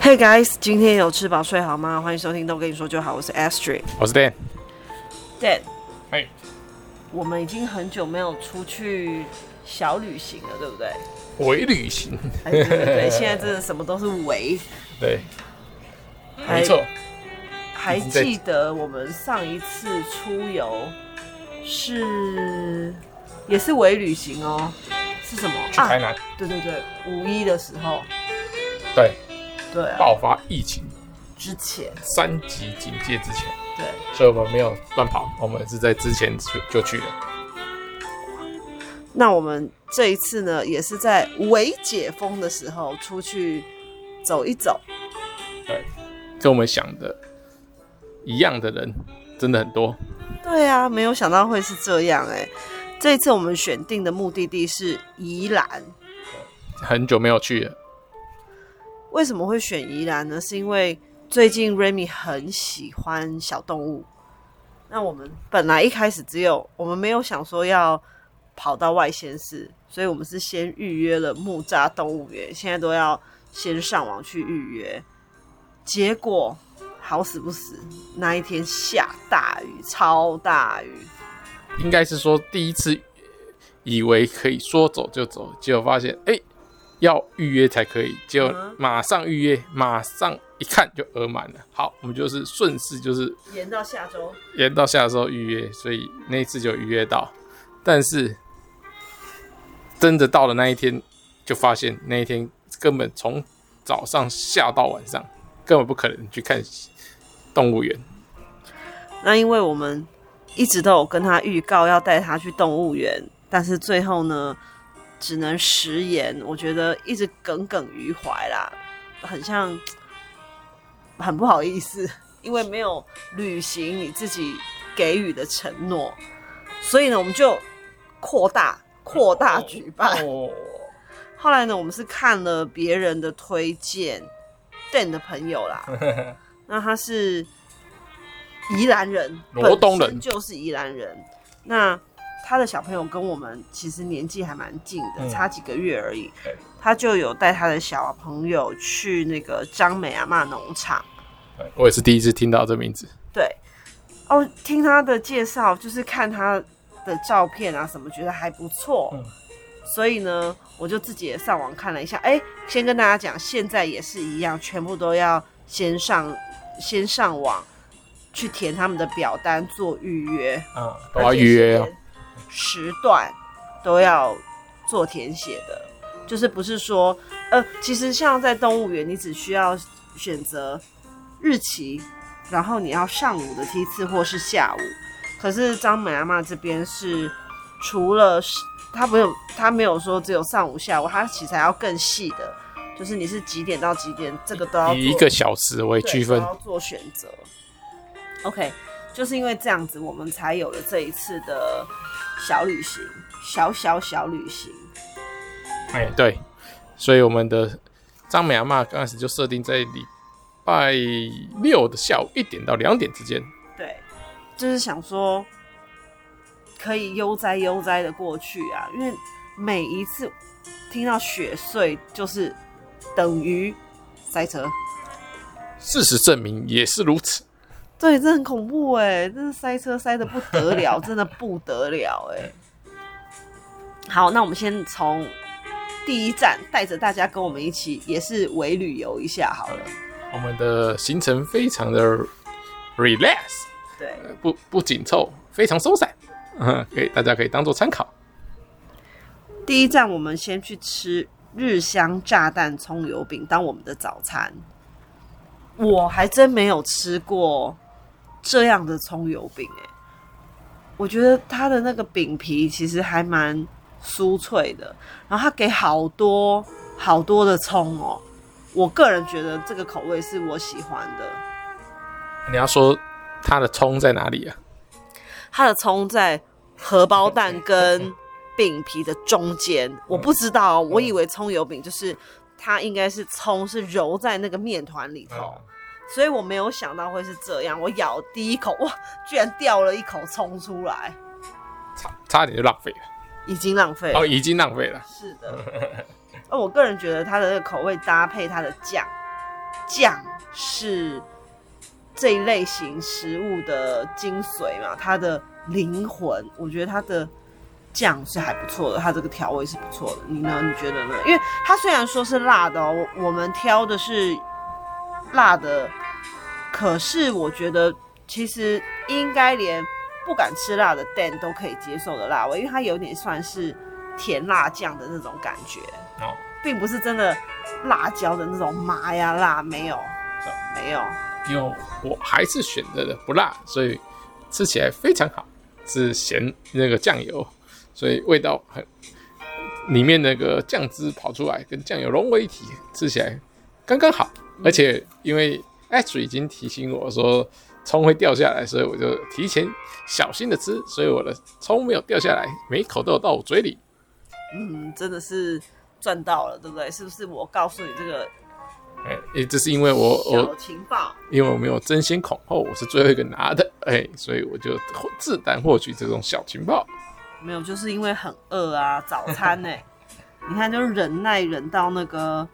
Hey guys，今天有吃飽睡好嗎？歡迎收聽《都跟你說就好》，我是 Astrid，我是 Dan，Dan，嘿，Dan, Hey. 我們已經很久沒有出去小旅行了，對不對？微旅行， 哎、對,對,對對，現在真的什麼都是微， 對，還沒錯。還記得我們上一次出遊是對也是微旅行哦？是什麼？去台南、啊？對對對，五一的時候，對。對、啊，爆發疫情之前，三級警戒之前，對，所以我們沒有亂跑，我們也是在之前就就去了。那我們這一次呢，也是在微解封的時候出去走一走。對，跟我們想的一樣的人真的很多。對啊，沒有想到會是這樣哎、欸。這一次我們選定的目的地是宜蘭，對，很久沒有去了。為什麼會選宜蘭呢？是因為最近 Remi 很喜歡小動物。那我們本來一開始只有，我們沒有想說要跑到外縣市，所以我們是先預約了木柵動物園。現在都要先上網去預約。結果好死不死，那一天下大雨，超大雨。應該是說第一次以為可以說走就走，結果發現，哎、欸。要預約才可以，就馬上預約，嗯啊、馬上一看就額滿了。好，我們就是順勢就是延到下周，延到下周預約，所以那一次就預約到。但是真的到了那一天，就發現那一天根本從早上下到晚上，根本不可能去看動物園。那因為我們一直都有跟他預告要帶他去動物園，但是最後呢？只能食言，我覺得一直耿耿於懷啦，很像很不好意思，因為沒有履行你自己給予的承諾，所以呢，我們就擴大擴大舉辦。哦哦、後來呢，我們是看了別人的推薦，Dan 的朋友啦，呵呵，那他是宜蘭人，羅東人，本身就是宜蘭人，那。他的小朋友跟我們其實年紀還蠻近的，差幾個月而已。他就有帶他的小朋友去那個張美阿嬤農場。我也是第一次聽到這名字。對，哦，聽他的介紹，就是看他的照片啊什麼，覺得還不錯。嗯、所以呢，我就自己也上網看了一下。哎、欸，先跟大家講，現在也是一樣，全部都要先上先上網去填他們的表單做預約。啊，都要預約。時段都要做填寫的，就是不是說，呃，其實像在動物園，你只需要選擇日期，然後你要上午的梯次或是下午。可是張美阿嬤這邊是除了他沒有，她沒有說只有上午下午，他其實還要更細的，就是你是幾點到幾點，這個都要以一個小時為區分，做選擇。OK。就是因為這樣子，我們才有了這一次的小旅行，小小小旅行。哎，對，所以我們的張美阿嬤，剛開始就設定在禮拜六的下午一點到兩點之間。對，就是想說可以悠哉悠哉的過去啊，因為每一次聽到雪隧就是等於塞車。事實證明也是如此。對，真的很恐怖哎！真是塞車塞得不得了， 真的不得了哎。好，那我們先從第一站帶着大家跟我們一起，也是微旅遊一下好了。我們的行程非常的 relax，對，不不緊湊，非常鬆散，嗯，可以大家可以當做參考。第一站，我們先去吃日香炸彈蔥油餅當我們的早餐，我還真沒有吃過。這樣的蔥油餅，哎，我覺得它的那個餅皮其實還蠻酥脆的，然後它給好多好多的蔥哦。我個人覺得這個口味是我喜歡的。你要說它的蔥在哪裡啊？它的蔥在荷包蛋跟餅皮的中間，嗯。我不知道，我以為蔥油餅就是它應該是蔥是揉在那個麵糰裡頭。嗯喔所以我沒有想到會是這樣，我咬第一口哇，居然掉了一口蔥出來，差差點就浪費了，已經浪費了哦，已經浪費了，是的。哦，我個人覺得它的口味搭配，它的醬醬是這一類型食物的精髓嘛，它的靈魂，我覺得它的醬是還不錯的，它這個調味是不錯的，你呢？你覺得呢？因為它雖然說是辣的哦，我，我們挑的是。辣的，可是我覺得其實應該連不敢吃辣的蛋都可以接受的辣味，因為它有點算是甜辣醬的那種感覺，哦、並不是真的辣椒的那種麻呀？辣，沒有，啊、沒有，因為，我還是選擇的不辣，所以吃起來非常好，是鹹那個醬油，所以味道很，裡面那個醬汁跑出來跟醬油融為一體，吃起來剛剛好。而且因為 X 已經提醒我說，蔥會掉下來，所以我就提前小心的吃，所以我的蔥沒有掉下來，每一口都有我嘴裡。嗯，真的是賺到了，對不對？是不是我告訴你這個？哎、欸，這是因為我有小情報，因為我沒有爭先恐後，我是最後一個拿的，哎、欸，所以我就自然獲取這種小情報。沒有，就是因為很餓啊，早餐呢、欸， 你看就是忍耐忍到那個。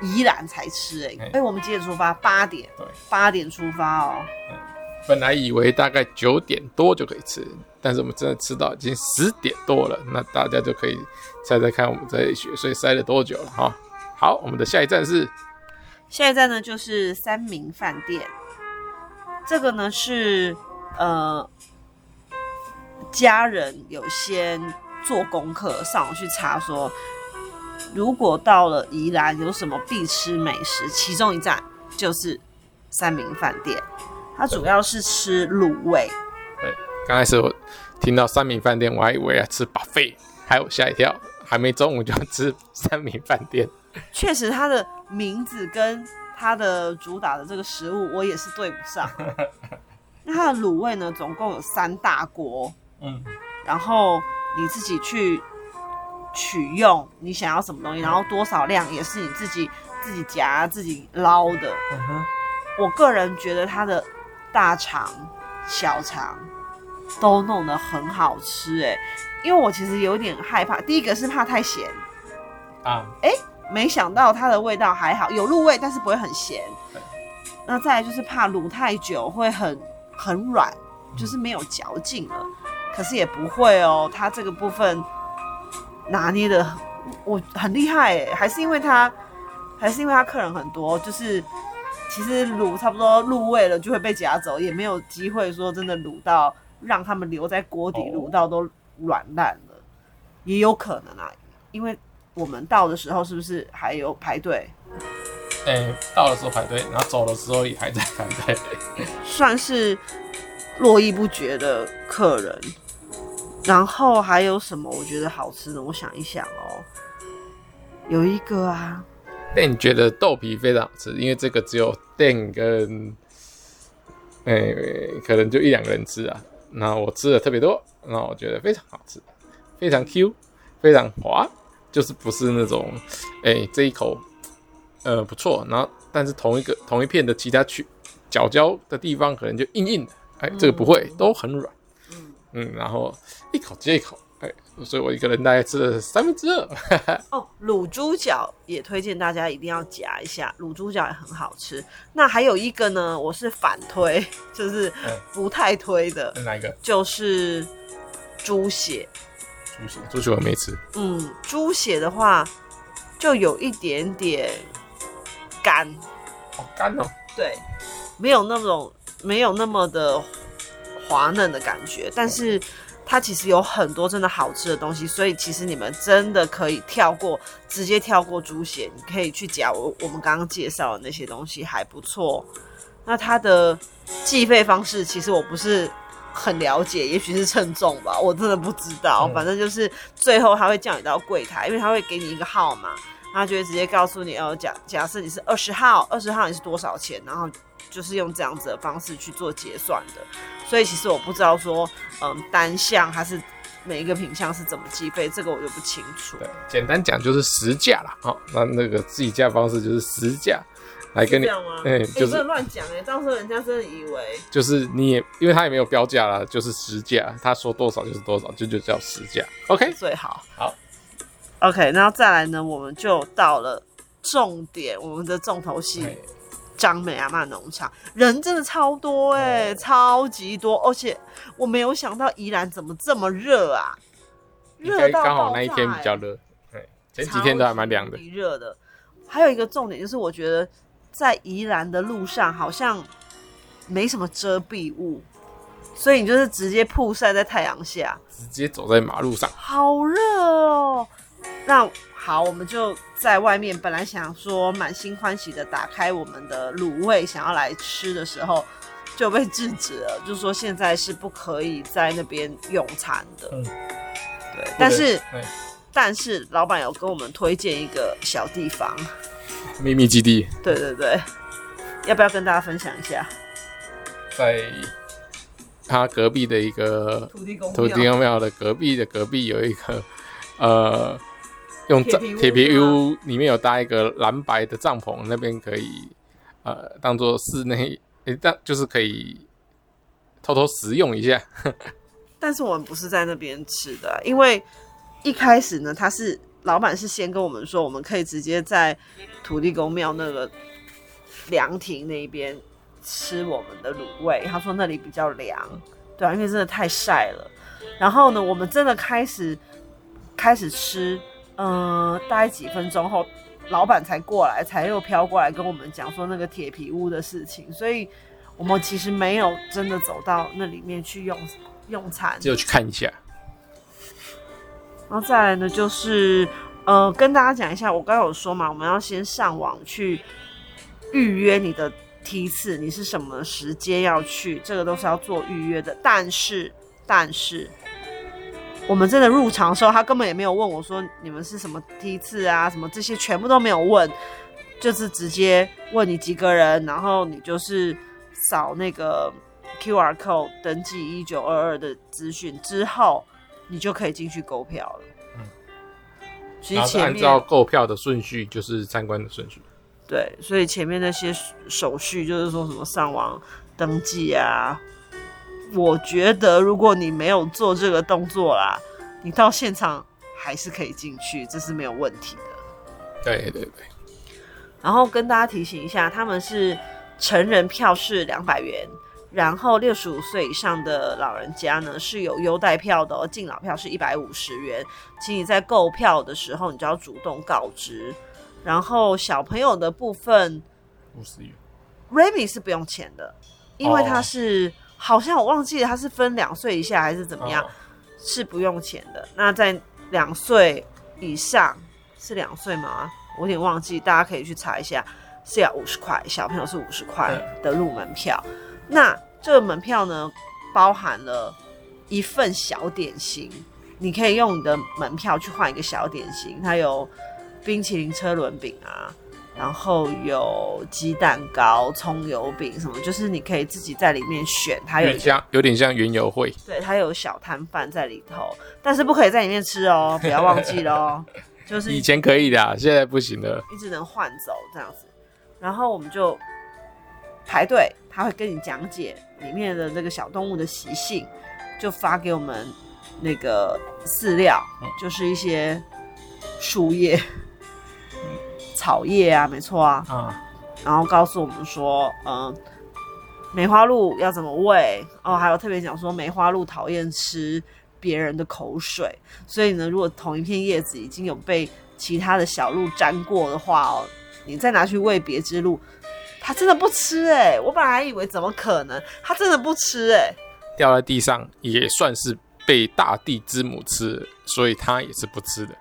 宜蘭才吃哎、欸、哎、欸欸，我們幾點出發？八點，對，八點出發哦、喔欸。本來以為大概九點多就可以吃，但是我們真的吃到已經十點多了。那大家就可以猜猜看，我們在雪隧塞了多久了哈？好，我們的下一站是？下一站呢，就是三民飯店。這個呢是呃，家人有先做功課，上網去查說。如果到了宜蘭有什麼必吃美食？其中一站就是三民飯店，它主要是吃滷味對。對，剛開始我聽到三民飯店，我還以為要吃 buffet，還有嚇一跳，還沒中午就要吃三民飯店。確實，它的名字跟它的主打的這個食物，我也是對不上。 那它的滷味呢，總共有三大鍋。嗯，然後你自己去。取用你想要什麼東西，然後多少量也是你自己自己夾自己撈的。Uh huh. 我個人覺得它的大腸、小腸都弄得很好吃。欸，哎，因為我其實有點害怕，第一個是怕太鹹啊、uh. 欸，沒想到它的味道還好，有入味，但是不會很鹹。Uh huh. 那再來就是怕滷太久會很很軟，就是沒有嚼勁了。Uh huh. 可是也不會哦，喔，它這個部分。拿捏的我很厲害哎，還是因為他，還是因為他客人很多，就是其實滷差不多入味了就會被夾走，也沒有機會說真的滷到讓他們留在鍋底滷到都軟爛了，oh. 也有可能啊，因為我們到的時候是不是還有排隊？哎、欸，到的時候排隊，然後走的時候也還在排隊，算是絡繹不絕的客人。然後還有什麼我覺得好吃的？我想一想哦，有一個啊。那你覺得豆皮非常好吃，因為這個只有店跟哎，可能就一兩個人吃啊。那我吃的特別多，那我覺得非常好吃，非常 Q，非常滑，就是不是那種哎這一口呃不錯，然後但是同一個同一片的其他區角角的地方可能就硬硬的，哎這個不會，嗯，都很軟。嗯，然後一口接一口，哎，所以我一個人大概吃了三分之二。呵呵。哦，滷豬腳也推薦大家一定要夾一下，滷豬腳也很好吃。那還有一個呢，我是反推，就是不太推的。哪一個？就是豬血。嗯，豬血，豬血，豬血我沒吃。嗯，豬血的話就有一點點乾，好乾哦。對，沒有那種，沒有那麼的。滑嫩的感覺，但是它其實有很多真的好吃的東西，所以其實你們真的可以跳過，直接跳過豬血，你可以去夾我我們剛剛介紹的那些東西還不錯。那它的計費方式其實我不是很了解，也許是稱重吧，我真的不知道。反正就是最後他會叫你到櫃檯，因為他會給你一個號碼，他就會直接告訴你哦，假假設你是二十號，二十號你是多少錢，然後。就是用這樣子的方式去做結算的，所以其實我不知道說，嗯，單項還是每一個品項是怎麼計費，這個我就不清楚。簡單講就是實價啦，好、喔，那那個計價方式就是實價來跟你，哎、欸，就是亂講哎，當、欸欸、時候人家真的以為就是你也，因為他也沒有標價啦，就是實價，他說多少就是多少，這就，就叫實價。OK，最好，好，OK，那再來呢，我們就到了重點，我們的重頭戲。張美阿嬤農場人真的超多哎、欸，哦、超級多！而且我沒有想到宜蘭怎麼這麼熱啊，熱應該 到剛、欸、好那一天比較熱，前幾天都還蠻涼的。熱的，還有一個重點就是，我覺得在宜蘭的路上好像沒什麼遮蔽物，所以你就是直接曝曬在太陽下，直接走在馬路上，好熱哦、喔。那好，我們就在外面。本來想說，滿心歡喜的打開我們的滷味，想要來吃的時候就被制止了。就說現在是不可以在那邊用餐的。嗯，對，但是，哎、但是老闆有跟我們推薦一個小地方，秘密基地。對對對，要不要跟大家分享一下？在他隔壁的一個土地公土地公廟的隔壁的隔壁有一個呃。用鐵皮 u 裡面有搭一個藍白的帳篷，那邊可以呃當做室內，當、欸、就是可以偷偷食用一下。 但是我們不是在那邊吃的，因為一開始呢，他是老板是先跟我們說，我們可以直接在土地公廟那個涼亭那邊吃我們的滷味。他說那裡比較涼，對、啊、因為真的太曬了。然後呢，我們真的開始開始吃。嗯、呃，待幾分鐘後，老板才過來，才又飄過來跟我們講說那個鐵皮屋的事情，所以，我們其實沒有真的走到那裡面去用用餐，只有去看一下。然後再來呢，就是呃，跟大家講一下，我剛剛有說嘛，我們要先上網去預約你的梯次，你是什麼時間要去，這個都是要做預約的。但是，但是。我們真的入場的時候，他根本也沒有問我，說你們是什麼梯次啊，什麼這些全部都沒有問，就是直接問你幾個人，然後你就是掃那個 QR code 登記一九二二的資訊之後，你就可以進去購票了。嗯，其實按照購票的順序就是參觀的順序。對，所以前面那些手續就是說什麼上網登記啊。嗯。我覺得，如果你沒有做這個動作啦，你到現場還是可以進去，這是沒有問題的。對對對。對對對，然後跟大家提醒一下，他們是成人票是兩百元，然後六十五歲以上的老人家呢是有優待票的哦，敬老票是一百五十元，請你在購票的時候你就要主動告知。然後小朋友的部分五十元，Remi 是不用錢的，因為他是。Oh. 好像我忘記了，它是分兩歲以下還是怎麼樣？哦、是不用錢的。那在兩歲以上是兩歲嗎？我有點忘記，大家可以去查一下，是要五十塊，小朋友是五十塊的入門票。嗯、那這個門票呢，包含了一份小點心，你可以用你的門票去換一個小點心，它有冰淇淋車輪餅啊。然後有雞蛋糕、蔥油餅什麼，就是你可以自己在裡面選。它有像有點像園遊會，對，它有小攤販在裡頭，但是不可以在裡面吃哦，不要忘記哦。 就是以前可以的、啊，現在不行了，你只能換走這樣子。然後我們就排隊，他會跟你講解裡面的這個小動物的習性，就發給我們那個飼料，就是一些樹葉。嗯 討厭啊，沒錯啊，嗯，然後告訴我們說，嗯、呃，梅花鹿要怎麼餵哦，還有特別講說梅花鹿討厭吃別人的口水，所以呢，如果同一片葉子已經有被其他的小鹿沾過的話哦，你再拿去餵別隻鹿，它真的不吃哎、欸，我本來以為怎麼可能，它真的不吃哎、欸，掉在地上也算是被大地之母吃，所以它也是不吃的。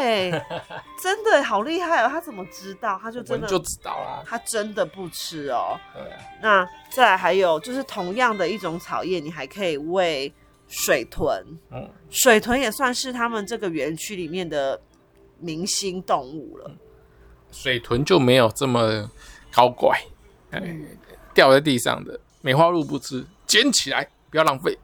對， 真的好厲害哦！他怎麼知道？他就真的就知道啦、啊。他真的不吃哦。啊、那再來還有就是同樣的一種草葉，你還可以餵水豚。嗯，水豚也算是他們這個園區裡面的明星動物了。水豚就沒有這麼搞怪，嗯欸、掉在地上的梅花鹿不吃，撿起來不要浪費，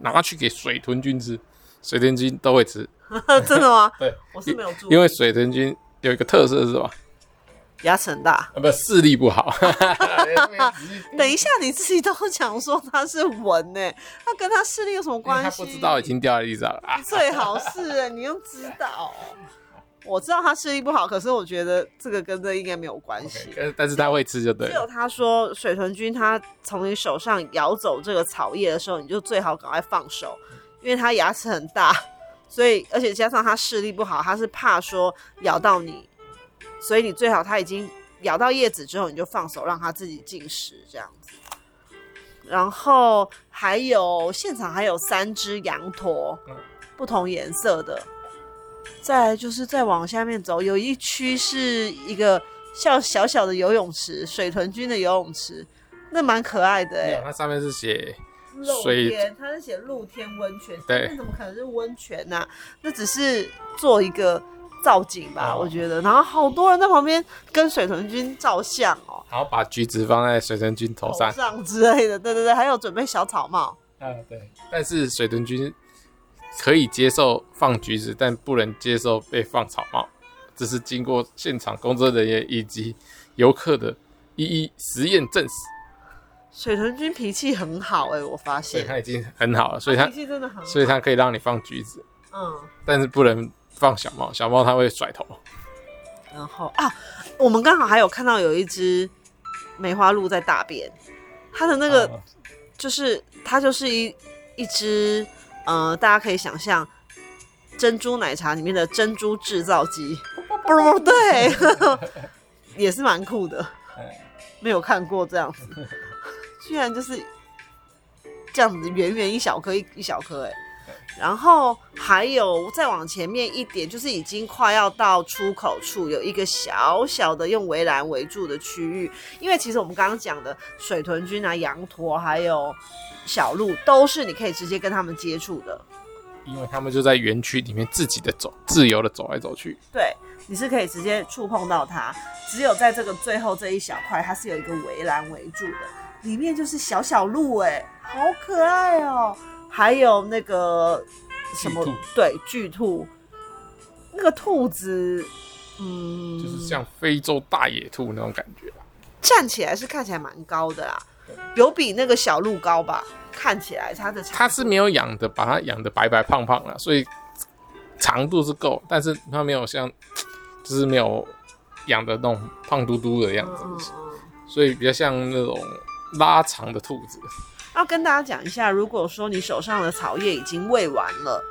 拿去給水豚君吃，水豚君都會吃。 真的嗎？對，我是沒有注意的因。因為水豚君有一個特色是什麼牙齒很大，啊、不視力不好。 等一下，你自己都講說它是文呢，它跟它視力有什麼關係？他不知道，已經掉在地上了。最好是哎、欸， 你又知道、喔，我知道它視力不好，可是我覺得這個跟這個應該沒有關係。Okay, 是但是它會吃就對了。只有他說水豚君，它從你手上咬走這個草葉的時候，你就最好趕快放手，因為它牙齒很大。所以，而且加上它視力不好，它是怕說咬到你，所以你最好它已經咬到葉子之後，你就放手讓它自己進食這樣子。然後還有現場還有三只羊駝，嗯、不同顏色的。再就是再往下面走，有一區是一個小小小的游泳池，水豚君的游泳池，那蠻可愛的哎、欸。對，它上面是寫、欸。露天，以它是寫露天溫泉，那對怎麼可能是溫泉呢、啊？那只是做一個造景吧，啊、我覺得。然後好多人在旁邊跟水豚君照相哦，然後把橘子放在水豚君頭上，頭上之類的，對對對，還有準備小草帽。嗯、啊，對。但是水豚君可以接受放橘子，但不能接受被放草帽，這是經過現場工作人員以及遊客的一一實驗證實。水豚君脾氣很好哎、欸，我發現他已經很好了，所以他、啊、脾氣真的很好，所以他可以讓你放橘子，嗯，但是不能放小貓，小貓它會甩頭。然後啊，我們剛好還有看到有一只梅花鹿在大便，它的那個就是、啊、它就是一一只呃，大家可以想象珍珠奶茶裡面的珍珠製造機， 不、不、對呵呵，也是蠻酷的，沒有看過這樣子。 居然就是這樣子，圓圓一小顆一一小顆哎、欸，對然後還有再往前面一點，就是已經快要到出口處，有一個小小的用圍欄圍住的區域。因為其實我們剛剛講的水豚君啊、羊駝還有小鹿，都是你可以直接跟他們接觸的，因為他們就在園區裡面自己的走，自由的走來走去。對，你是可以直接觸碰到它，只有在這個最後這一小塊，它是有一個圍欄圍住的。裡面就是小小鹿、欸，哎，好可愛哦、喔！還有那個什麼，兔對，巨兔，那個兔子，嗯，就是像非洲大野兔那種感覺。站起來是看起來蠻高的啦，有比那個小鹿高吧？看起來它的長度。它是沒有養的，把它養的白白胖胖了，所以長度是夠，但是它沒有像，就是沒有養的那種胖嘟嘟的樣子，嗯、所以比較像那種。拉長的兔子。那、啊、跟大家講一下，如果說你手上的草葉已經餵完了，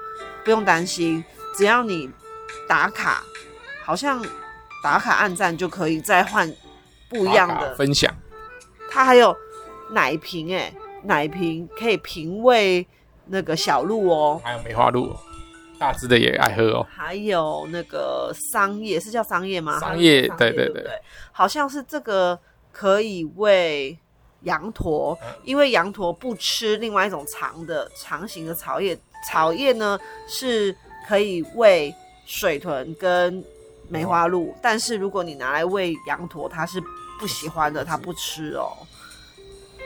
不用擔心，只要你打卡，好像打卡按贊就可以再換不一樣的分享。它還有奶瓶哎、欸，奶瓶可以瓶餵那個小鹿哦、喔，還有梅花鹿、喔，大隻的也愛喝哦、喔。還有那個桑葉，是叫桑葉嗎？桑葉葉，桑葉對，對，對對對，好像是這個可以餵。羊駝，啊、因為羊駝不吃另外一種長的長形的草葉，草葉呢是可以餵水豚跟梅花鹿，哦、但是如果你拿來餵羊駝，它是不喜歡的，不喜歡的它不吃哦、喔。己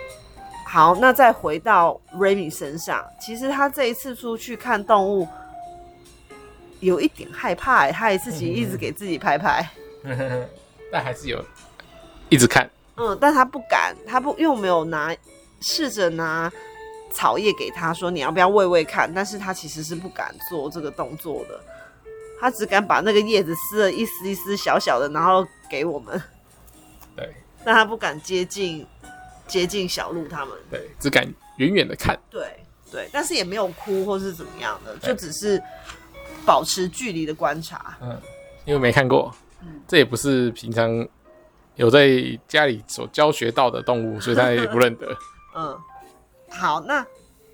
好，那再回到 Remi 身上，其實他這一次出去看動物，有一點害怕，欸，他也自己一直給自己拍拍，嗯嗯 但還是有，一直看。嗯，但他不敢，他不，又沒有拿，試着拿草葉給他說，你要不要餵餵看？但是他其實是不敢做這個動作的，他只敢把那個葉子撕了一絲一絲小小的，然後給我們。對。但他不敢接近，接近小鹿他們。對，只敢遠遠的看。對對，但是也沒有哭或是怎麼樣的，對就只是保持距離的觀察。嗯，因為沒看過，嗯、這也不是平常。有在家裡所教學到的動物，所以他也不認得。 嗯，好，那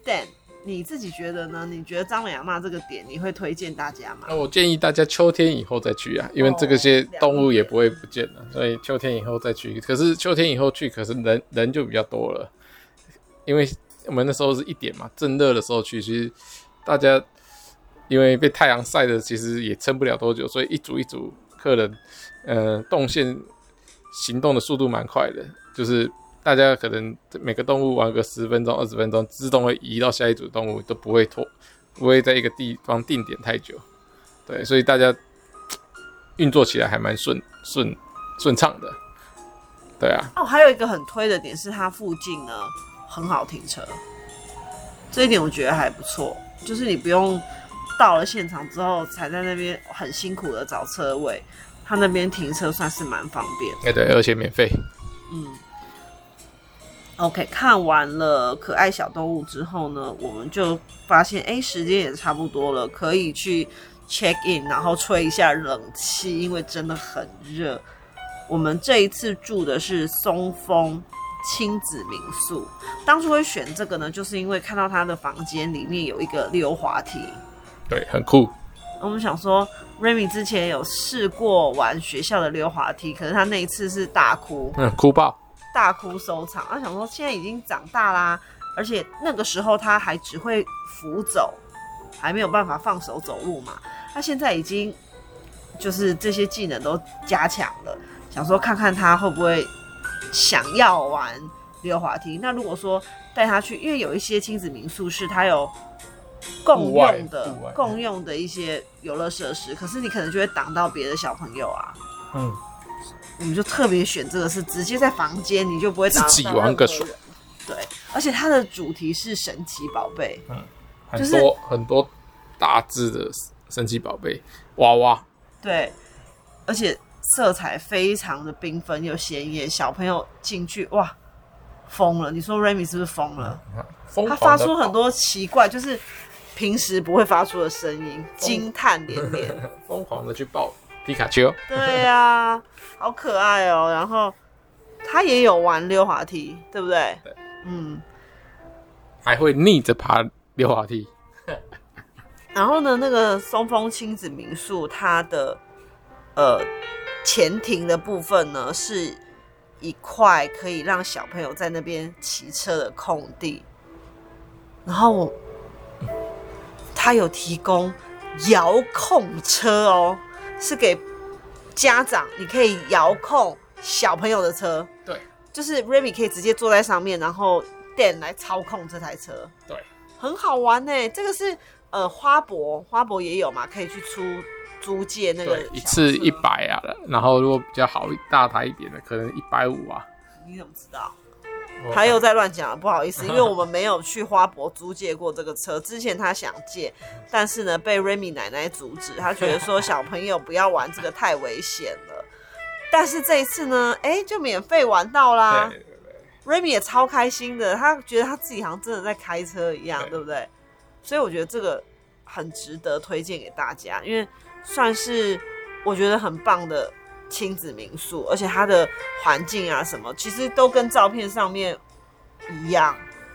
Dan，你自己覺得呢？你覺得張美阿嬤這個點，你會推薦大家嗎？那、呃、我建議大家秋天以後再去啊，因為這個些動物也不會不見了，哦、所以秋天以後再去。可是秋天以後去，可是人人就比較多了，因為我們那時候是一點嘛，正熱的時候去，其實大家因為被太陽曬的，其實也撐不了多久，所以一組一組客人，呃，動線。行動的速度蠻快的，就是大家可能每個動物玩個十分鐘、二十分鐘，自動會移到下一組動物，都不會拖，不會在一個地方定點太久。對，所以大家運作起來還蠻順順順暢的，對啊。哦，還有一個很推的點是它附近呢很好停車，這一點我覺得還不錯，就是你不用到了現場之後才在那邊很辛苦的找車位。他那邊停車算是蠻方便的，對、欸、對，而且免費。嗯，OK，看完了可愛小動物之後呢，我們就發現哎、欸，時間也差不多了，可以去 check in，然後吹一下冷氣，因為真的很熱。我們這一次住的是松楓親子民宿，當初會選這個呢，就是因為看到他的房間裡面有一個溜滑梯，對，很酷。我們想說。Remi 之前有試過玩學校的溜滑梯，可是他那一次是大哭，嗯，哭爆，大哭收場。他、啊、想說，現在已經長大啦、啊，而且那個時候他還只會扶走，還沒有辦法放手走路嘛。他、啊、現在已經就是這些技能都加強了，想說看看他會不會想要玩溜滑梯。那如果說帶他去，因為有一些親子民宿是他有。共用的共用的一些遊樂設施，嗯、可是你可能就會擋到別的小朋友啊。嗯，我們就特別選這個是直接在房間，你就不會擋到別人。自己玩個爽。對，而且它的主題是神奇寶貝，嗯，多就是、很多很多大隻的神奇寶貝娃娃。對，而且色彩非常的繽紛又鮮艷，小朋友進去哇，瘋了！你說 Remi 是不是瘋了？嗯、他發出很多奇怪，就是。平時不會發出的聲音，風驚嘆連連，瘋 狂的去抱皮卡丘。對呀、啊，好可愛哦。 然後他也有玩溜滑梯，對不對？對嗯，還會逆着爬溜滑梯。 然後呢，那個松楓親子民宿，它的呃前庭的部分呢，是一塊可以讓小朋友在那邊騎車的空地，然後。他有提供遙控車哦，是給家長，你可以遙控小朋友的車。對，就是 Remi 可以直接坐在上面，然後 Dan 來操控這台車。對，很好玩呢。這個是呃花博，花博也有嘛，可以去出租借那個車。對，一次一百啊，然後如果比較好大台一點的，可能一百五啊。你怎麼知道？他又在亂講了，不好意思，因為我們沒有去花博租借過這個車。 之前他想借，但是呢被 Remi 奶奶阻止，他覺得說小朋友不要玩這個太危險了。但是這一次呢，哎、欸，就免費玩到啦。對對對 Remi 也超開心的，他覺得他自己好像真的在開車一樣，對,對不對？所以我覺得這個很值得推薦給大家，因為算是我覺得很棒的。親子民宿，而且它的環境啊，什麼其實都跟照片上面一樣，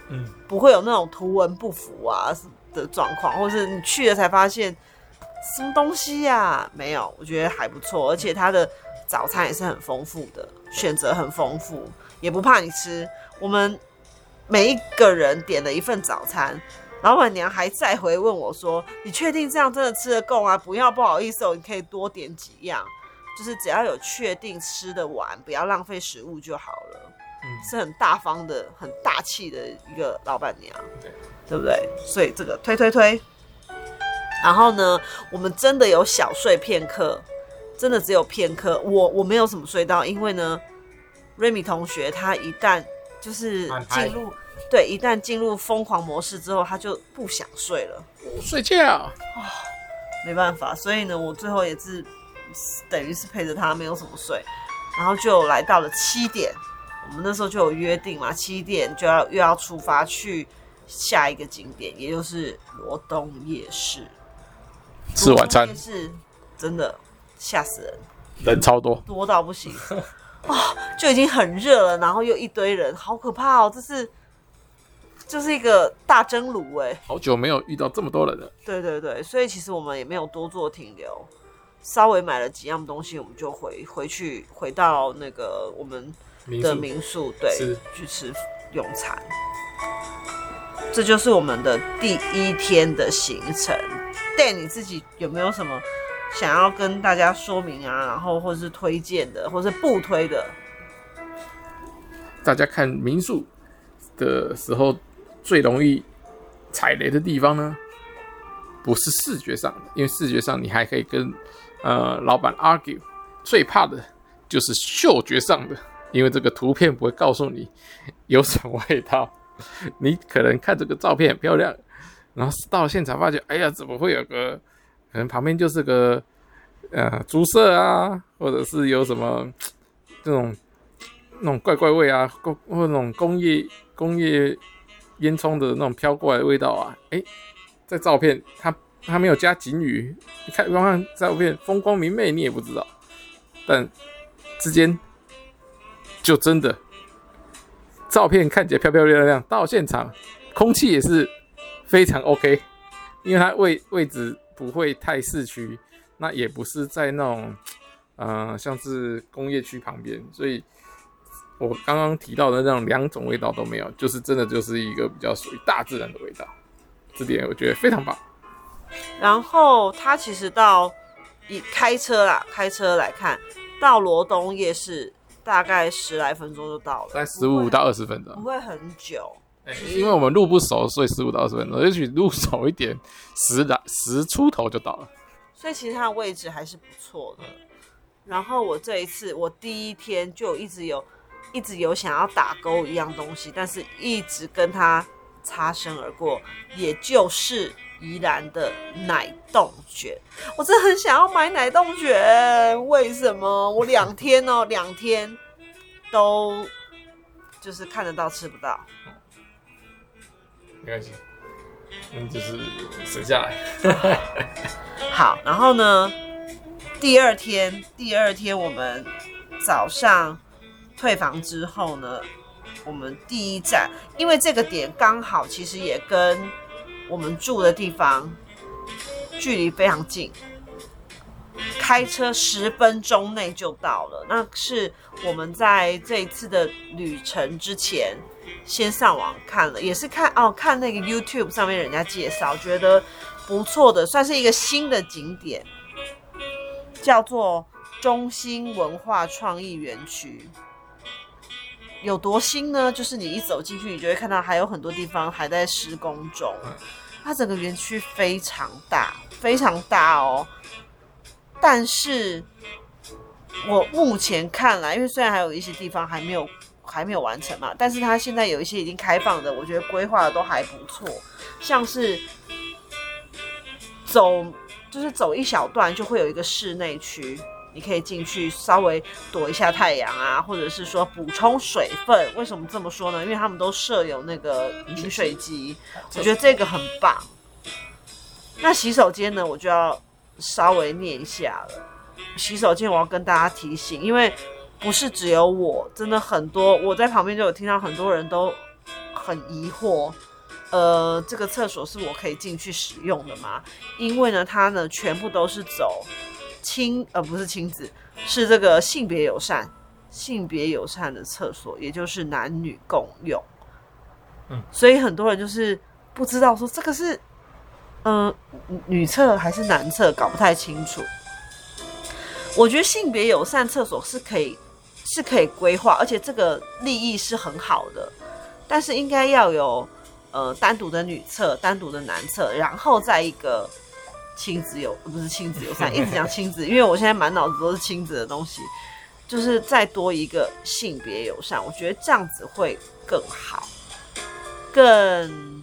嗯，不會有那種圖文不符啊的狀況，或是你去了才發現什麼東西呀、啊、沒有，我覺得還不錯，而且它的早餐也是很豐富的，選擇很豐富，也不怕你吃。我們每一個人點了一份早餐，老闆娘還再回問我說：“你確定這樣真的吃得夠嗎、啊？不要不好意思，哦，你可以多點幾樣。”就是只要有確定吃得完，不要浪費食物就好了。嗯，是很大方的、很大氣的一個老闆娘，對、嗯，對不對？所以這個推推推。嗯、然後呢，我們真的有小睡片刻，真的只有片刻。我我沒有什麼睡到，因為呢，瑞米同學他一旦就是進入唉唉對，一旦進入瘋狂模式之後，他就不想睡了。睡覺啊，沒辦法。所以呢，我最後也是。等於是陪着他沒有什麼睡，然後就來到了七點。我們那時候就有約定嘛，七點就要又要出發去下一個景點，也就是羅東夜市吃晚餐。是真的嚇死人，人超多多到不行啊、 哦！就已經很熱了，然後又一堆人，好可怕哦！這是就是一個大蒸爐哎，好久沒有遇到這麼多人了。對對對，所以其實我們也沒有多做停留。稍微買了幾樣東西，我們就回回去，回到那個我們的民宿，民宿對，是去吃用餐。這就是我們的第一天的行程。但你自己有沒有什麼想要跟大家說明啊？然後或者是推薦的，或是不推的？大家看民宿的時候最容易踩雷的地方呢？不是視覺上的，因為視覺上你還可以跟呃老板 argue。最怕的就是嗅覺上的，因為這個圖片不會告訴你有什麼味道。 你可能看這個照片很漂亮，然後到現場發覺，哎呀，怎麼會有個？可能旁邊就是個呃豬舍啊，或者是有什麼這種那種怪怪味啊，或或那種工業工業煙囪的那種飄過來的味道啊，誒在照片，他他沒有加景語，你看光看照片，風光明媚，你也不知道。但之間就真的照片看起來漂漂亮亮，到現場空氣也是非常 OK，因為它位位置不會太市區，那也不是在那種嗯、呃、像是工業區旁邊，所以我剛剛提到的那種兩種味道都沒有，就是真的就是一個比較屬於大自然的味道。這點我覺得非常棒。然後他其實到以開車啦，開車來看，到羅東夜市大概十來分鐘就到了，在十五到二十分鐘，不會很久。欸、因為，因為我們路不熟，所以十五到二十分鐘，也許路熟一點，十來十出頭就到了。所以其實它的位置還是不錯的。嗯、然後我這一次，我第一天就一直有一直有想要打勾一樣東西，但是一直跟他擦身而過，也就是宜蘭的奶凍捲，我真的很想要買奶凍捲，為什麼？我兩天哦、喔，兩 天都就是看得到吃不到，沒關係，那、嗯、就是省下來。 好，然後呢，第二天，第二天我們早上退房之後呢？我們第一站，因為這個點剛好，其實也跟我們住的地方距離非常近，開車十分鐘內就到了。那是我們在這一次的旅程之前，先上網看了，也是看哦，看那個 YouTube 上面人家介紹，覺得不錯的，算是一個新的景點，叫做中興文化創意園區。有多新呢？就是你一走進去，你就會看到還有很多地方還在施工中。它整個園區非常大，非常大哦。但是，我目前看來，因為雖然還有一些地方還沒有還沒有完成嘛，但是它現在有一些已經開放的，我覺得規劃的都還不錯。像是走，就是走一小段就會有一個室內區。你可以進去稍微躲一下太陽啊，或者是說補充水分。為什麼這麼說呢？因為他們都設有那個飲水機，請請我覺得這個很棒。請那洗手間呢，我就要稍微念一下了。洗手間我要跟大家提醒，因為不是只有我，真的很多我在旁邊就有聽到很多人都很疑惑，呃，這個廁所是我可以進去使用的嗎？因為呢，它呢全部都是走。親，呃，不是親子，是這個性別友善、性別友善的廁所，也就是男女共用。嗯，所以很多人就是不知道說這個是，嗯、呃，女廁還是男廁，搞不太清楚。我覺得性別友善廁所是可以，是可以規劃，而且這個利益是很好的，但是應該要有呃單獨的女廁、單獨的男廁，然後在一個。親子友不是親子友善，一直講親子，因為我現在滿腦子都是親子的東西，就是再多一個性別友善，我覺得這樣子會更好，更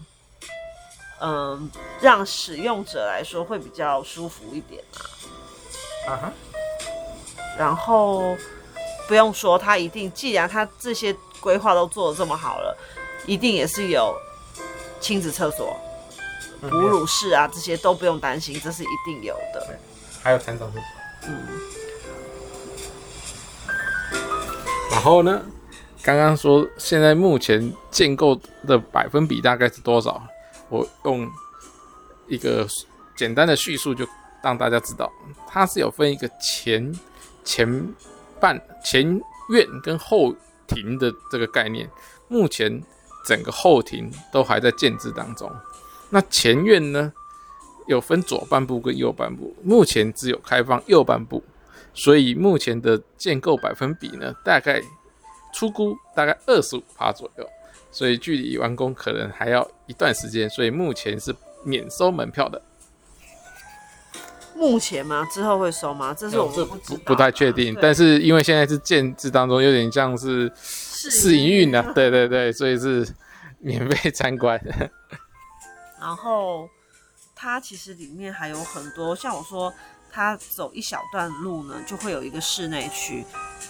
嗯、呃，讓使用者來說會比較舒服一點啊哈。Uh huh. 然後不用說，他一定，既然他這些規劃都做得這麼好了，一定也是有親子廁所。哺乳室啊，嗯、這些都不用擔心，這是一定有的。還有三種，嗯。然後呢？剛剛說，現在目前建構的百分比大概是多少？我用一個簡單的敘述，就讓大家知道，它是有分一個前前半、前院跟後庭的這個概念。目前整個後庭都還在建制當中。那前院呢，有分左半部跟右半部，目前只有開放右半部，所以目前的建構百分比呢，大概初估大概二十五趴左右，所以距離完工可能還要一段時間，所以目前是免收門票的。目前嗎？之後會收嗎？這是我們、哦、這不，不知道，不太確定，對 但是因為現在是建制當中，有點像是試營運的，對對對，所以是免費參觀。 然後它其實裡面還有很多，像我說，它走一小段路呢，就會有一個室內區。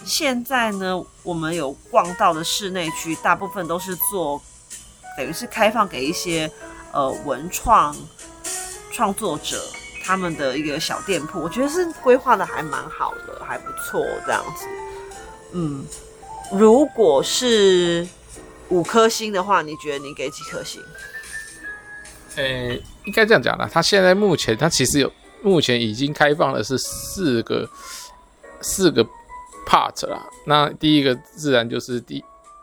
現在呢，我們有逛到的室內區，大部分都是做等於是開放給一些呃文創創作者他們的一個小店鋪。我覺得是規劃的還蠻好的，還不錯這樣子。嗯，如果是五顆星的話，你覺得你給幾顆星？誒、欸，應該這樣講啦，他現在目前，他其實有目前已經開放的是四個四個 part 啦。那第一個自然就是第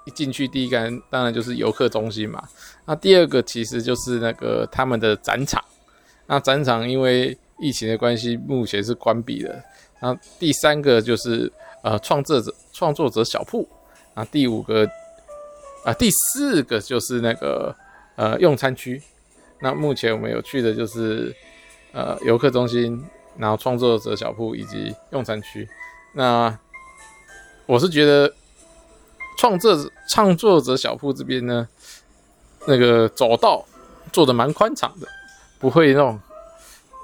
一進去第一個當然就是遊客中心嘛。那第二個其實就是那個他們的展場。那展場因為疫情的關係，目前是關閉的。那第三個就是呃創作者創作者小鋪。啊，第五個啊、呃，第四個就是那個呃用餐區。那目前我們有去的就是，呃，遊客中心，然後創作者小鋪以及用餐區。那我是覺得者，創作創作者小鋪這邊呢，那個走道做得蠻寬敞的，不會那種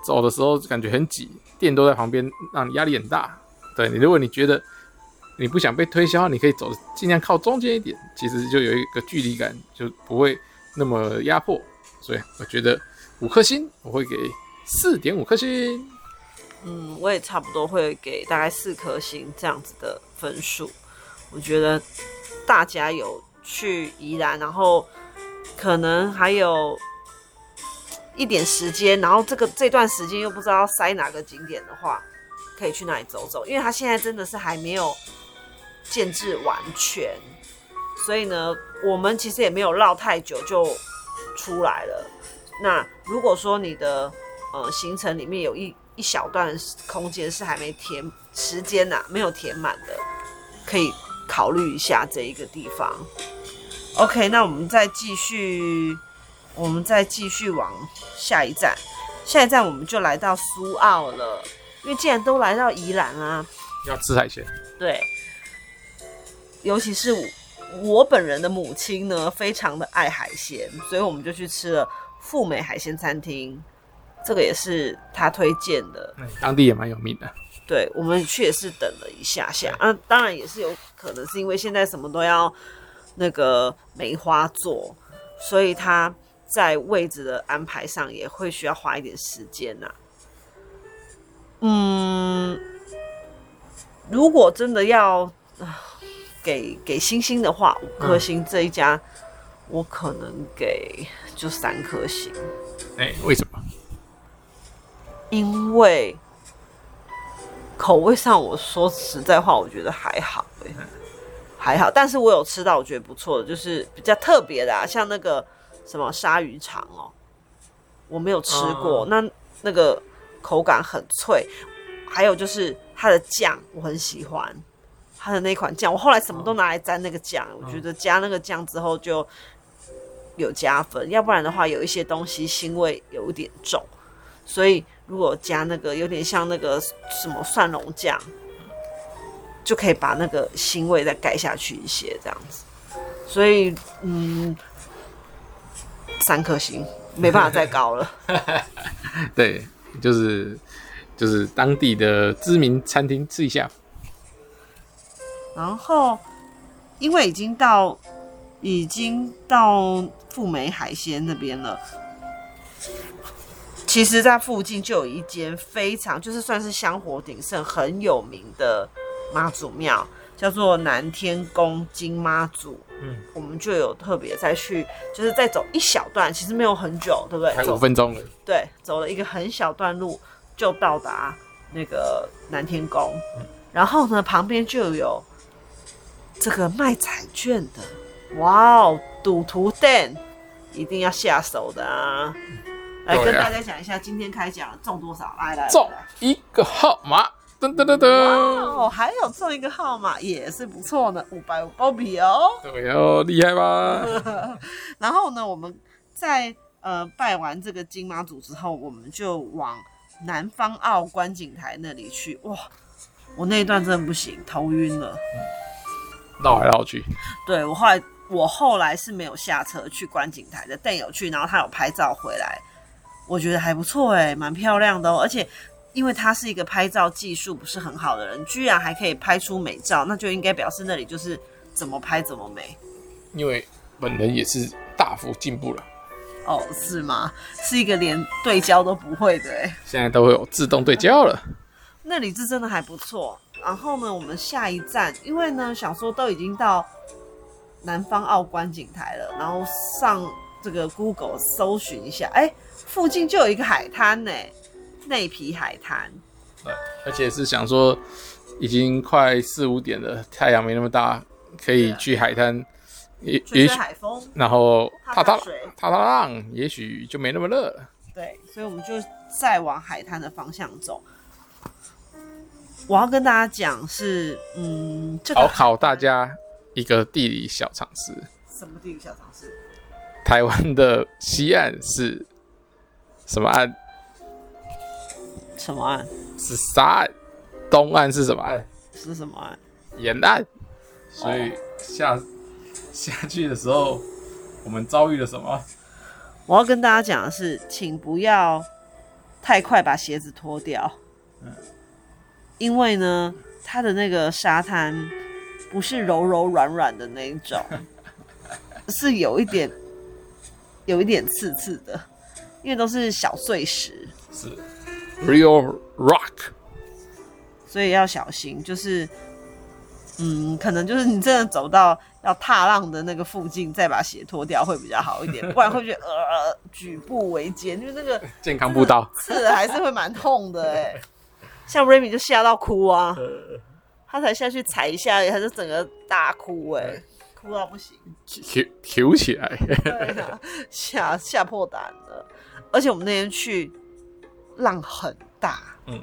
走的時候感覺很擠，店都在旁邊讓你壓力很大。對你，如果你覺得你不想被推銷，你可以走盡量靠中間一點，其實就有一個距離感，就不會那麼壓迫。所以我覺得五顆星，我會給四點五顆星。嗯，我也差不多會給大概四顆星這樣子的分數。我覺得大家有去宜蘭，然後可能還有一點時間，然後這個這段時間又不知道塞哪個景點的話，可以去哪裡走走，因為它現在真的是還沒有建置完全。所以呢，我們其實也沒有繞太久就。出來了，那如果說你的呃行程裡面有一一小段空間是還沒填時間吶，啊，沒有填滿的，可以考慮一下這一個地方。OK，那我們再繼續，我們再繼續往下一站，下一站我們就來到蘇澳了。因為既然都來到宜蘭啊，要吃海鮮，對，尤其是。我本人的母親呢，非常的愛海鮮，所以我們就去吃了富美海鮮餐廳，這個也是他推薦的，當地也蠻有名的。對，我們去也是等了一下下對、啊、當然也是有可能是因為現在什麼都要那個梅花座，所以他在位置的安排上也會需要花一點時間吶、啊。嗯，如果真的要。給給星星的話，五顆星這一家，嗯、我可能給就三顆星。哎、欸，為什麼？因為口味上，我說實在話，我覺得還好、欸，嗯、還好。但是我有吃到我覺得不錯的，就是比較特別的啊，像那個什麼鯊魚腸哦，我沒有吃過，嗯、那那個口感很脆，還有就是它的醬我很喜歡。他的那款醬，我後來什麼都拿來沾那個醬，嗯、我覺得加那個醬之後就有加分，嗯、要不然的話有一些東西腥味有點重，所以如果加那個有點像那個什麼蒜蓉醬，就可以把那個腥味再蓋下去一些，這樣子。所以，嗯，三顆星，沒辦法再高了。 對，就是就是當地的知名餐廳吃一下。然後，因為已經到，已經到富美海鮮那邊了。其實，在附近就有一間非常，就是算是香火鼎盛，很有名的媽祖廟，叫做南天宮金媽祖。嗯，我們就有特別再去，就是再走一小段，其實沒有很久，對不對？才五分鐘了。對，走了一個很小段路就到達那個南天宮。嗯，然後呢，旁邊就有。這個賣彩券的，哇哦，賭徒蛋，一定要下手的啊！嗯、啊來跟大家講一下，今天開獎中多少？來來，來，來，中一個號碼，噔噔噔噔。哦，還有中一個號碼也是不錯的，五百五包皮哦。對哦，厲害吧？ 然後呢，我們在呃拜完這個金媽祖之後，我們就往南方澳觀景台那裡去。哇，我那一段真的不行，頭暈了。嗯繞來繞去，對，我後來我後來是沒有下車去觀景台的，但有去，然後他有拍照回來，我覺得還不錯欸，蠻漂亮的喔。而且因為他是一個拍照技術不是很好的人，居然還可以拍出美照，那就應該表示那裡就是怎麼拍怎麼美。因為本人也是大幅進步了。哦，是嗎？是一個連對焦都不會的欸，現在都會有自動對焦了。 那裡是真的還不錯。然後呢，我們下一站，因為呢，想說都已經到南方澳觀景台了，然後上這個 Google 搜尋一下，哎，附近就有一個海灘呢，內埤海灘。對，而且是想說已經快四五點了，太陽沒那麼大，可以去海灘，對也吹吹也許海風，然後踏踏踏踏，水踏踏浪，也許就沒那麼熱了。對，所以我們就再往海灘的方向走。我要跟大家講是，嗯，考、這個，考大家一個地理小常識。什麼地理小常識？台灣的西岸是什麼岸？什麼岸？是沙岸。東岸是什麼岸？是什麼岸？岩岸。所以下下去的時候，我們遭遇了什麼？我要跟大家講的是，請不要太快把鞋子脫掉。嗯。因為呢，它的那個沙灘不是柔柔軟軟的那一種，是有一點有一點刺刺的，因為都是小碎石，是 real rock，所以要小心，就是嗯，可能就是你真的走到要踏浪的那個附近，再把鞋脫掉會比較好一點，不然會覺得呃舉步維艱，就是那個健康步道是還是會蠻痛的哎、欸。像 Remi 就嚇到哭啊，呃、他才下去踩一下，欸，他就整個大哭哎，欸，呃、哭到不行，跳，跳起來，對啊，嚇嚇破膽了。而且我們那天去浪很大，嗯，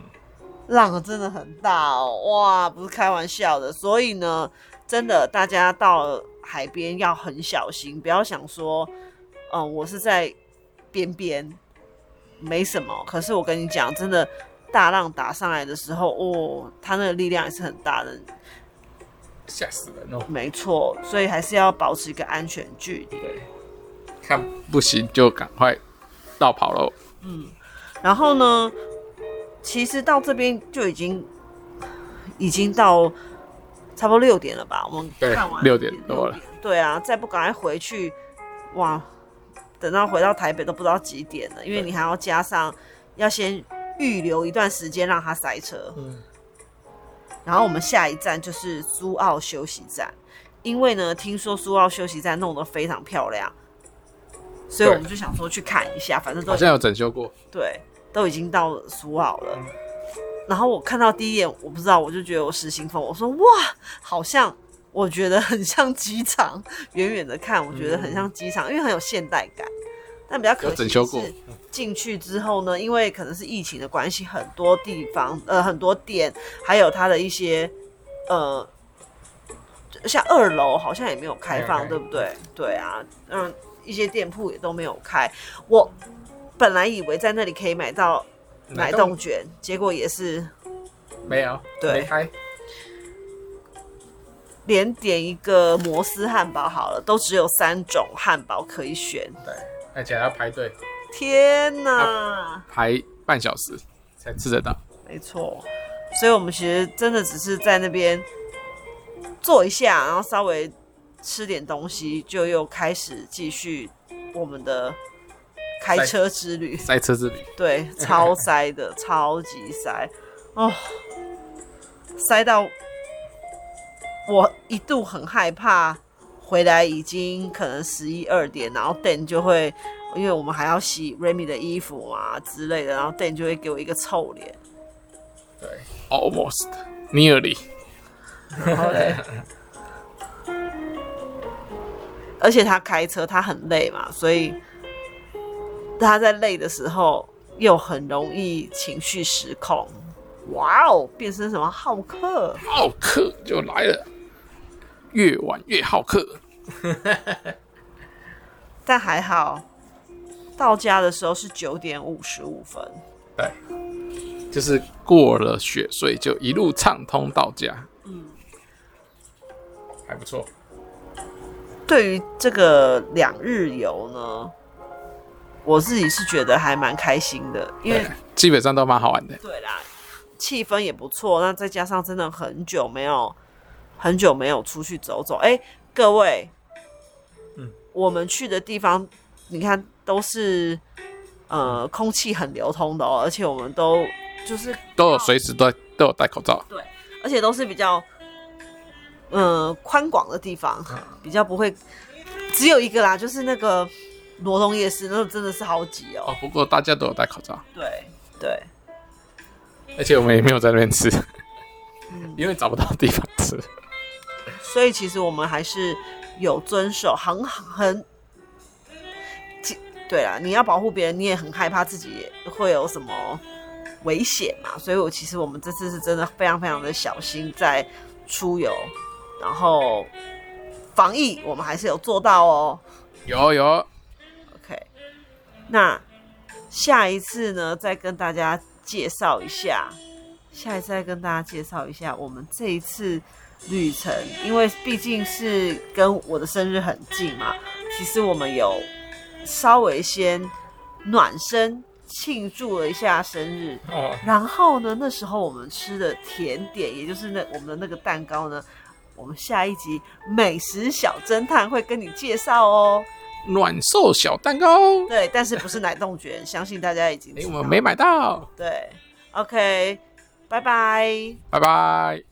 浪真的很大、喔，哇，不是開玩笑的。所以呢，真的大家到海邊要很小心，不要想說，嗯，呃，我是在邊邊沒什麼。可是我跟你講，真的。大浪打上來的時候，哦，他那個力量也是很大的，嚇死人哦。沒錯，所以還是要保持一個安全距離。對，看不行就趕快倒跑嘍。嗯，然後呢，嗯，其實到這邊就已經已經到差不多六點了吧？我們看完六點，對，六點多了。對啊，再不趕快回去，哇，等到回到台北都不知道幾點了，因為你還要加上要先。預留一段時間讓他塞車。嗯。然後我們下一站就是蘇澳休息站，因為呢，聽說蘇澳休息站弄得非常漂亮，所以我們就想說去看一下。對。反正都好像有整修過。對，都已經到了蘇澳了。嗯、然後我看到第一眼，我不知道，我就覺得我失心瘋。我說：“哇，好像我覺得很像機場，遠遠的看，我覺得很像機場，嗯、因為很有現代感。”那比較可惜是進去之後呢，嗯、因為可能是疫情的關係，很多地方呃，很多店還有它的一些呃，像二樓好像也沒有開放，哎哎對不對？對啊，嗯，一些店鋪也都沒有開。我本來以為在那裡可以買到奶凍卷，凍結果也是沒有，對，開。連點一個摩斯漢堡好了， 都只有三種漢堡可以選，對。而且還要排隊，天吶哪，排半小時才吃得到。沒錯，所以我們其實真的只是在那邊坐一下，然後稍微吃點東西，就又開始繼續我們的開車之旅。塞，塞車之旅，對，超塞的， 超級塞哦，塞到我一度很害怕。回來已經可能十一二點，然後 Dan 就會，因為我們還要洗 Remy 的衣服嘛、啊、之類的，然後 Dan 就會給我一個臭臉。對，almost nearly。好的。而且他開車，他很累嘛，所以他在累的時候又很容易情緒失控。哇哦，變身什麼浩克？浩克就來了，越晚越浩克。 但還好，到家的時候是九點五十五分。對，就是過了雪隧，就一路暢通到家。嗯，還不錯。對於這個兩日遊呢，我自己是覺得還蠻開心的，因為基本上都蠻好玩的。對啦，氣氛也不錯。那再加上真的很久沒有，很久沒有出去走走，哎、欸。各位，嗯，我們去的地方，你看都是呃空氣很流通的哦，而且我們都就是都有隨時都都有戴口罩，對，而且都是比較嗯寬廣的地方，比較不會只有一個啦，就是那個羅東夜市，那個、真的是好擠哦，哦。不過大家都有戴口罩，對對，對而且我們也沒有在那邊吃，嗯、因為找不到地方吃。所以其實我們還是有遵守很很，很對，對啦，你要保護別人，你也很害怕自己也會有什麼危險嘛。所以，我其實我們這次是真的非常非常的小心在出遊，然後防疫我們還是有做到哦，有有。有 OK，那下一次呢，再跟大家介紹一下，下一次再跟大家介紹一下我們這一次。旅程，因為畢竟是跟我的生日很近嘛，其實我們有稍微先暖身慶祝了一下生日。哦。然後呢，那時候我們吃的甜點，也就是那我們的那個蛋糕呢，我們下一集美食小偵探會跟你介紹哦。暖壽小蛋糕。對，但是不是奶凍卷？ 相信大家已經知道了。哎，我們沒買到。對。OK，拜拜。拜拜。